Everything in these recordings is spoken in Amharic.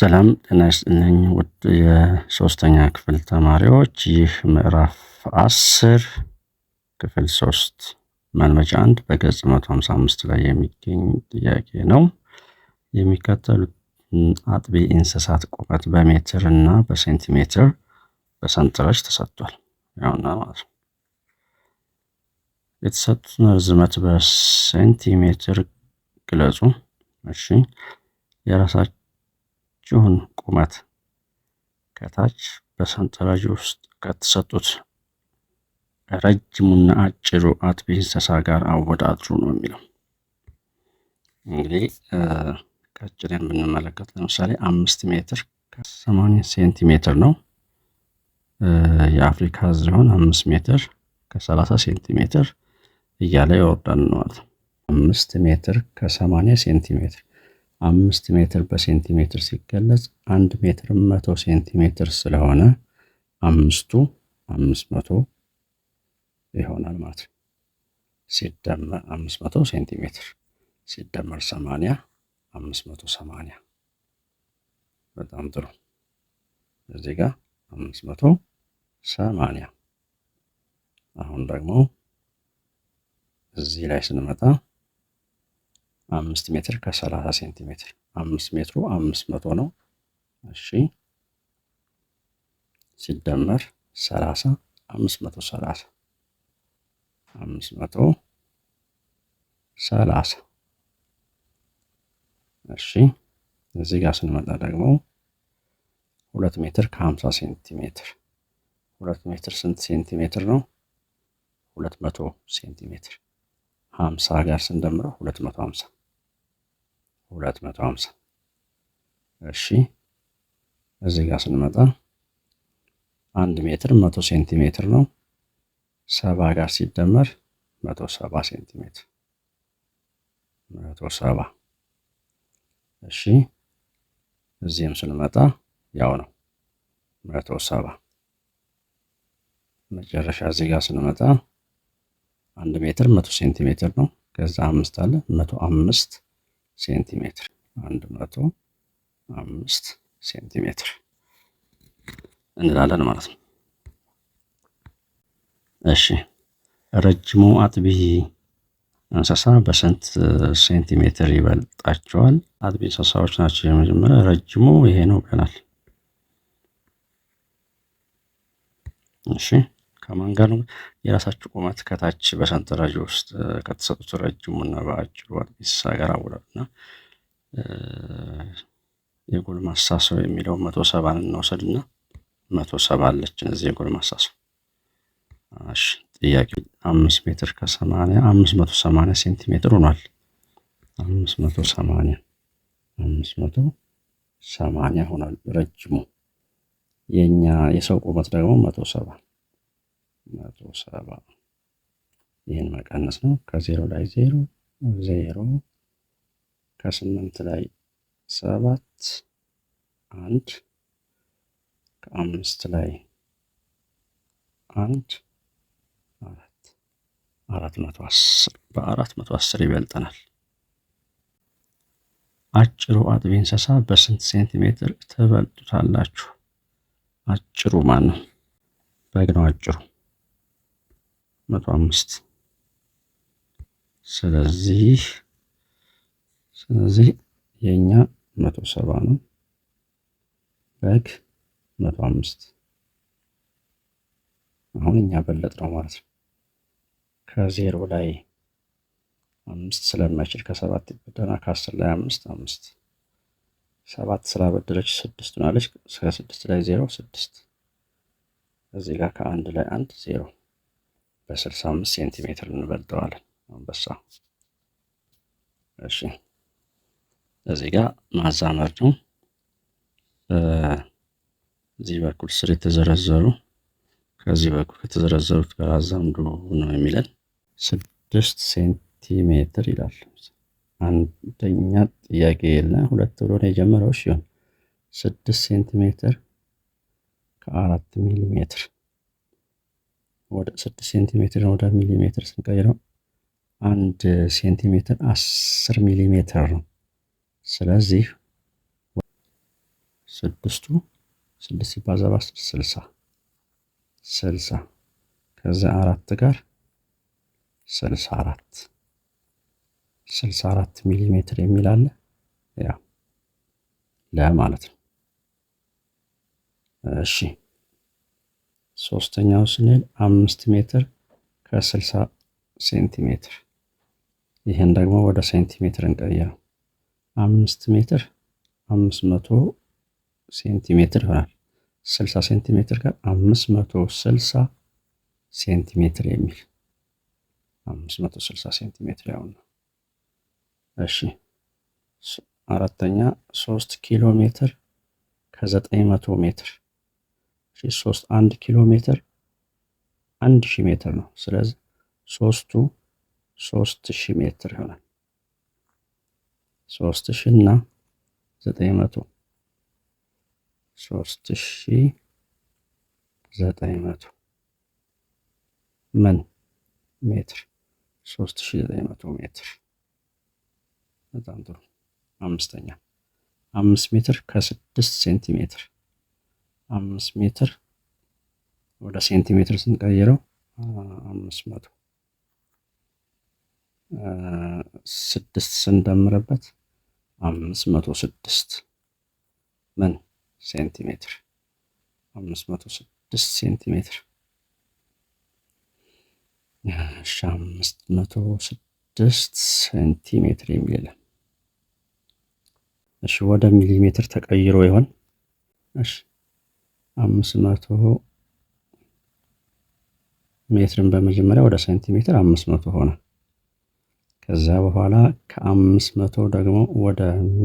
ሰላም ጤና ይስጥልኝ ውድ የሶስተኛ ክፍል ተማሪዎች፣ ይህ ምዕራፍ አስር ክፍል ሶስት መልመጃ አንድ በገጽ መቶ ሀምሳ አምስት ላይ የሚገኝ ጥያቄ ነው። የሚከተሉት አጥቢ እንስሳት ቁመት በሜትር እና በሴንቲሜትር በሰንጠረዥ ተሰጥቷል። ያውና ማለት ነው። የተሰጡትን ርዝመት በሴንቲሜትር ግለጹ። እሺ የራሳቸው የእጁን ቁመት ከታች በሰንጠረዥ ውስጥ ከተሰጡት ረጅሙና አጭሩ አጥቢ እንስሳ ጋር አወዳድሩ ነው የሚለው። እንግዲህ ቀጭኔን የምንመለከት ለምሳሌ አምስት ሜትር ከሰማንያ ሴንቲሜትር ነው። የአፍሪካ ዝሆን አምስት ሜትር ከሰላሳ ሴንቲሜትር እያለ ይወርዳል ነዋል። አምስት ሜትር ከሰማንያ ሴንቲሜትር አምስት ሜትር በሴንቲሜትር ሲገለጽ አንድ ሜትር መቶ ሴንቲሜትር ስለሆነ አምስቱ አምስት መቶ ይሆናል ማለት ነው። ሲደመር አምስት መቶ ሴንቲሜትር ሲደመር ሰማንያ አምስት መቶ ሰማንያ በጣም ጥሩ። እዚህ ጋር አምስት መቶ ሰማንያ አሁን ደግሞ እዚህ ላይ ስንመጣ አምስት ሜትር ከሰላሳ ሴንቲሜትር አምስት ሜትሩ አምስት መቶ ነው። እሺ ሲደመር ሰላሳ አምስት መቶ ሰላሳ አምስት መቶ ሰላሳ እሺ እዚህ ጋር ስንመጣ ደግሞ ሁለት ሜትር ከሀምሳ ሴንቲሜትር ሁለት ሜትር ስንት ሴንቲሜትር ነው? ሁለት መቶ ሴንቲሜትር ሀምሳ ጋር ስንደምረው ሁለት መቶ ሀምሳ ሁለት መቶ ሀምሳ እሺ እዚህ ጋር ስንመጣ አንድ ሜትር መቶ ሴንቲሜትር ነው። ሰባ ጋር ሲደመር መቶ ሰባ ሴንቲሜትር መቶ ሰባ እሺ እዚህም ስንመጣ ያው ነው መቶ ሰባ መጨረሻ እዚህ ጋር ስንመጣ አንድ ሜትር መቶ ሴንቲሜትር ነው። ከዛ አምስት አለ መቶ አምስት ሴንቲሜትር አንድ መቶ አምስት ሴንቲሜትር እንላለን ማለት ነው። እሺ ረጅሙ አጥቢ እንስሳ በስንት ሴንቲሜትር ይበልጣቸዋል? አጥቢ እንስሳዎች ናቸው። የመጀመሪያ ረጅሙ ይሄ ነው ብለናል። እሺ ከማን ጋር ነው? የራሳችሁ ቁመት ከታች በሰንጠረዥ ውስጥ ከተሰጡት ረጅሙና በአጭሩ አጥቢሳ ጋር አውላሉና የጎልማሳ ሰው የሚለው መቶ ሰባን እንውሰድና መቶ ሰባ አለችን እዚህ የጎልማሳ ሰው። እሺ ጥያቄ አምስት ሜትር ከሰማንያ አምስት መቶ ሰማንያ ሴንቲሜትር ሆኗል። አምስት መቶ ሰማንያ አምስት መቶ ሰማንያ ሆኗል ረጅሙ። የእኛ የሰው ቁመት ደግሞ መቶ ሰባ መቶ ሰባ ይህን መቀነስ ነው። ከዜሮ ላይ ዜሮ ዜሮ ከስምንት ላይ ሰባት አንድ ከአምስት ላይ አንድ አራት አራት መቶ አስር በአራት መቶ አስር ይበልጠናል። አጭሩ አጥቢ እንስሳ በስንት ሴንቲሜትር ትበልጡታላችሁ? አጭሩ ማን ነው? በግ ነው አጭሩ መቶ አምስት ስለዚህ ስለዚህ የእኛ መቶ ሰባ ነው። በግ መቶ አምስት አሁን እኛ በለጥ ነው ማለት ነው። ከዜሮ ላይ አምስት ስለማይችል ከሰባት ይበደና ከአስር ላይ አምስት አምስት ሰባት ስላበደለች ስድስት ሆናለች። ከስድስት ላይ ዜሮ ስድስት እዚህ ጋር ከአንድ ላይ አንድ ዜሮ በ65 ሴንቲሜትር እንበልጠዋለን አንበሳ። እሺ እዚህ ጋር ማዛመር ነው። በዚህ በኩል ስር የተዘረዘሩ ከዚህ በኩል ከተዘረዘሩት ጋር አዛምዱ ነው የሚለን። ስድስት ሴንቲሜትር ይላል። አንደኛ ጥያቄ የለ ሁለት ብሎ ነው የጀመረው ሲሆን ስድስት ሴንቲሜትር ከአራት ሚሊ ሜትር ወደ ስድስት ሴንቲሜትር ወደ ሚሊሜትር ስንቀይረው አንድ ሴንቲሜትር አስር ሚሊሜትር ነው። ስለዚህ ስድስቱ ስድስት ሲባዛ በአስር ስልሳ ስልሳ ከዛ አራት ጋር ስልሳ አራት ስልሳ አራት ሚሊሜትር የሚል አለ ያ ለማለት ነው። እሺ ሶስተኛው ስንል አምስት ሜትር ከስልሳ ሴንቲሜትር ይህን ደግሞ ወደ ሴንቲሜትር እንቀይረው። አምስት ሜትር አምስት መቶ ሴንቲሜትር ይሆናል። ስልሳ ሴንቲሜትር ጋር አምስት መቶ ስልሳ ሴንቲሜትር የሚል አምስት መቶ ስልሳ ሴንቲሜትር ያው ነው። እሺ አራተኛ ሶስት ኪሎ ሜትር ከዘጠኝ መቶ ሜትር ሶስት አንድ ኪሎ ሜትር አንድ ሺህ ሜትር ነው። ስለዚህ ሶስቱ ሶስት ሺህ ሜትር ይሆናል። ሶስት ሺህ እና ዘጠኝ መቶ ሶስት ሺህ ዘጠኝ መቶ ምን ሜትር ሶስት ሺህ ዘጠኝ መቶ ሜትር። በጣም ጥሩ። አምስተኛ አምስት ሜትር ከስድስት ሴንቲሜትር አምስት ሜትር ወደ ሴንቲሜትር ስንቀይረው አምስት መቶ ስድስት ስንደምርበት አምስት መቶ ስድስት ምን ሴንቲሜትር አምስት መቶ ስድስት ሴንቲሜትር እሺ አምስት መቶ ስድስት ሴንቲሜትር የሚል እሺ ወደ ሚሊሜትር ተቀይሮ ይሆን? እሺ አምስት መቶ ሜትርን በመጀመሪያ ወደ ሴንቲሜትር አምስት መቶ ሆነ። ከዛ በኋላ ከአምስት መቶ ደግሞ ወደ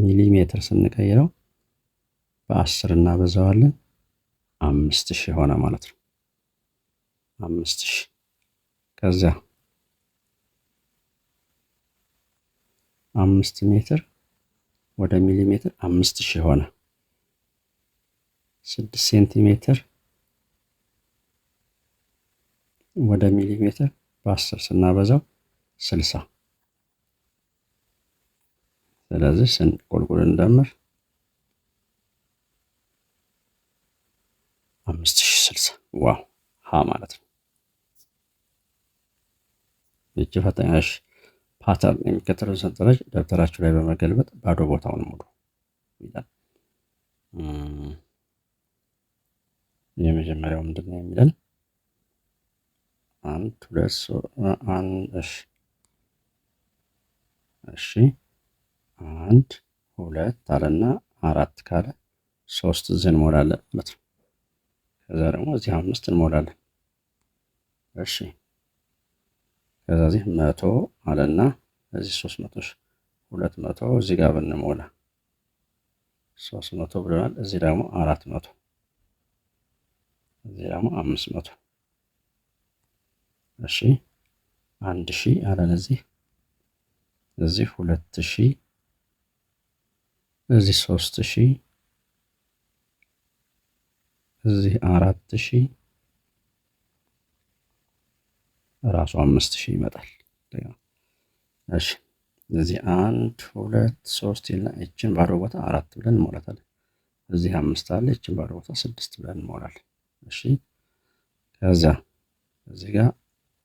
ሚሊሜትር ስንቀይረው በአስር እናበዛዋለን አምስት ሺ ሆነ ማለት ነው። አምስት ሺ ከዚያ አምስት ሜትር ወደ ሚሊሜትር አምስት ሺ ሆነ። ስድስት ሴንቲሜትር ወደ ሚሊሜትር በአስር ስናበዛው ስልሳ ስለዚህ ስን ቁልቁል እንደምር አምስት ሺ ስልሳ ዋው ሀ ማለት ነው። ይቺ ፈተናሽ ፓተርን የሚከተለውን ሰንጠረዥ ደብተራችሁ ላይ በመገልበጥ ባዶ ቦታውን ሙሉ ይላል። የመጀመሪያው ምንድን ነው የሚለን አንድ ሁለት አንድ እሺ እሺ አንድ ሁለት አለና አራት ካለ ሶስት እዚህ እንሞላለን ማለት ነው። ከዛ ደግሞ እዚህ አምስት እንሞላለን። እሺ ከዛ እዚህ መቶ አለና እዚህ ሶስት መቶ ሁለት መቶ እዚህ ጋር ብንሞላ ሶስት መቶ ብለናል። እዚህ ደግሞ አራት መቶ እዚህ ደግሞ አምስት መቶ እሺ አንድ ሺ አለን እዚህ እዚህ ሁለት ሺ እዚህ ሶስት ሺ እዚህ አራት ሺ ራሱ አምስት ሺ ይመጣል። እሺ እዚህ አንድ ሁለት ሶስት እችን ባዶ ቦታ አራት ብለን እንሞላታለን። እዚህ አምስት አለ እችን ባዶ ቦታ ስድስት ብለን እንሞላለን። እሺ ከዛ እዚህ ጋር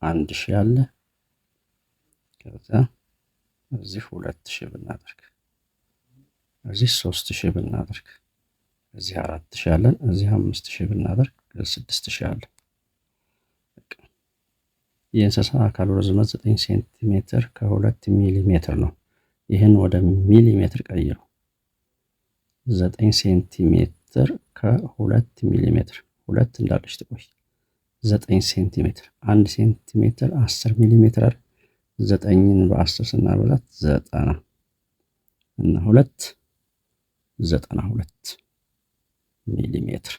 አንድ ሺህ አለ። ከዛ እዚህ ሁለት ሺህ ብናደርግ እዚህ ሶስት ሺህ ብናደርግ እዚህ አራት ሺህ አለን። እዚህ አምስት ሺህ ብናደርግ ስድስት ሺህ አለን። የእንስሳ አካል ርዝመት ዘጠኝ ሴንቲሜትር ከሁለት ሚሊ ሜትር ነው። ይህን ወደ ሚሊ ሜትር ቀይሩ። ዘጠኝ ሴንቲሜትር ከሁለት ሚሊ ሜትር ሁለት እንዳለች ትቆይ። ዘጠኝ ሴንቲሜትር አንድ ሴንቲሜትር አስር ሚሊ ሜትር ዘጠኝን በአስር ስናበዛት ዘጠና እና ሁለት ዘጠና ሁለት ሚሊ ሜትር።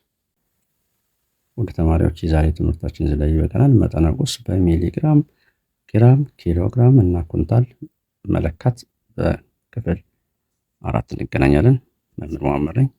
ወደ ተማሪዎች የዛሬ ትምህርታችን ዝላይ ይበቃናል። መጠነ ቁስ በሚሊግራም፣ ግራም፣ ኪሎግራም እና ኩንታል መለካት በክፍል አራት እንገናኛለን። መምህር መመረኝ